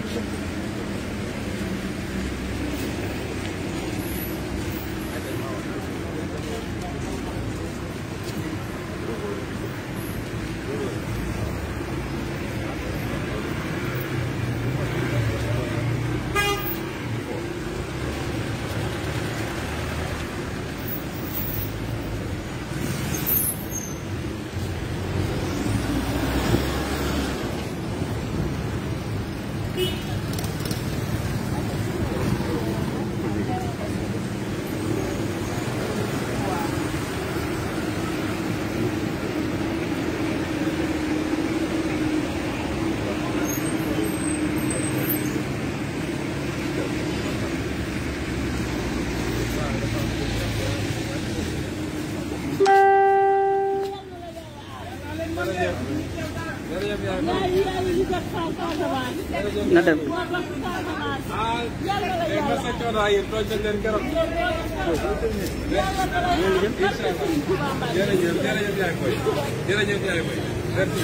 Thank you. na dem. jërëjëf jërëjëf merci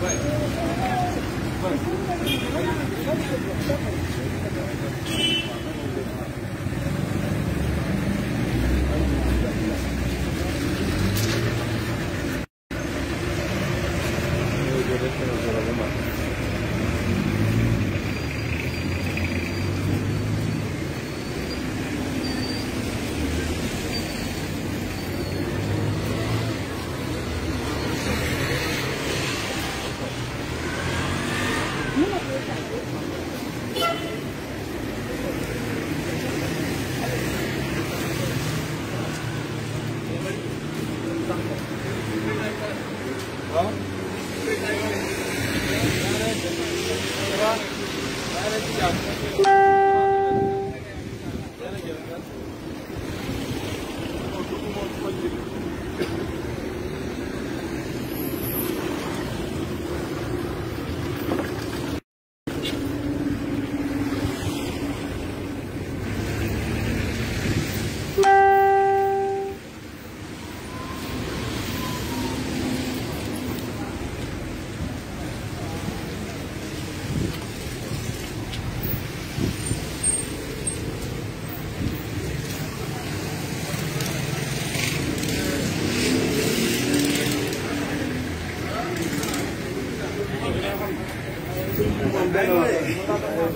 Thank you.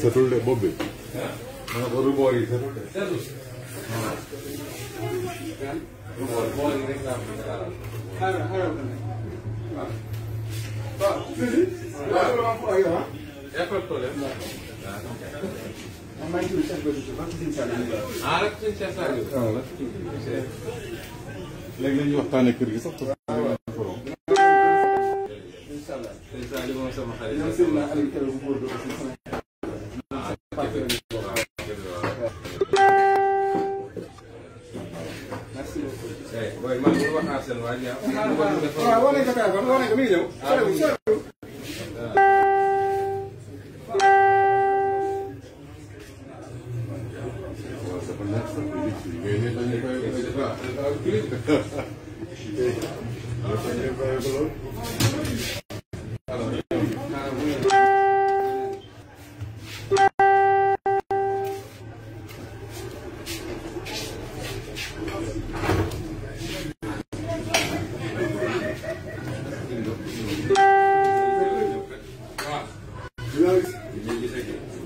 setul de bopp bi. ah ko ruboor yi setul de. léegi la ñuy waxtaanee kër gi sax. mais nit dañuy fay ba ci daa daa kii daa dañuy fay ba lool. Thank you.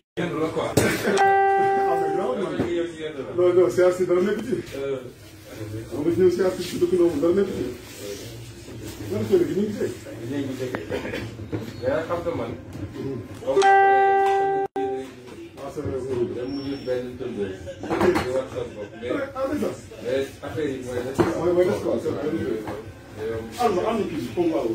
non non siyaas yi dara nekk ci. Euh. moom it ñëw si dëkk Ndao dara nekk ci. man coono gi ñu ngi teg. ñu ngi teg mais xam nga man. comme que. mujj benn tënd rek. di ah, wax sa bopp ah, ah, mais affaire yi mooy des. mooy mooy des quoi c' est vrai. am na kii comme waaw.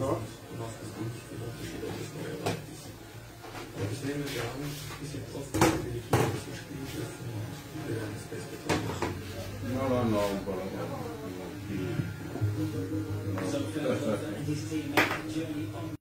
dort, du machst es gut, du machst es wieder das neue Land. Deswegen würde ich sagen, wir sind offen für die Kinder zu spielen dürfen und wir werden das Beste von machen. No, no, no, but I'm not. No.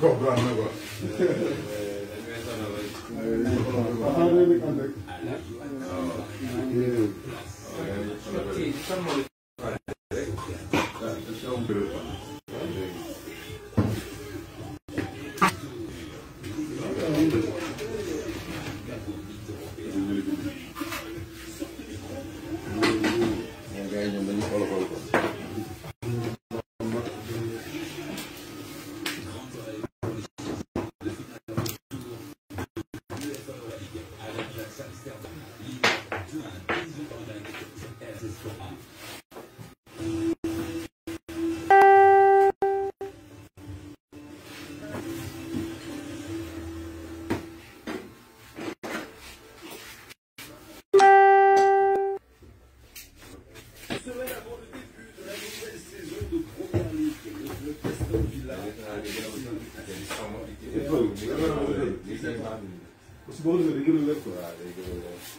the program, existeront. Possible to regular left.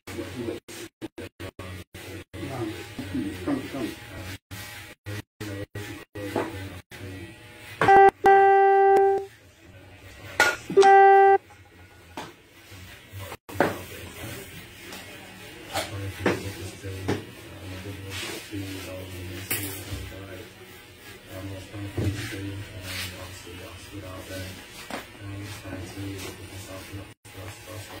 การศึกษาที่ประสบความสำเร็จ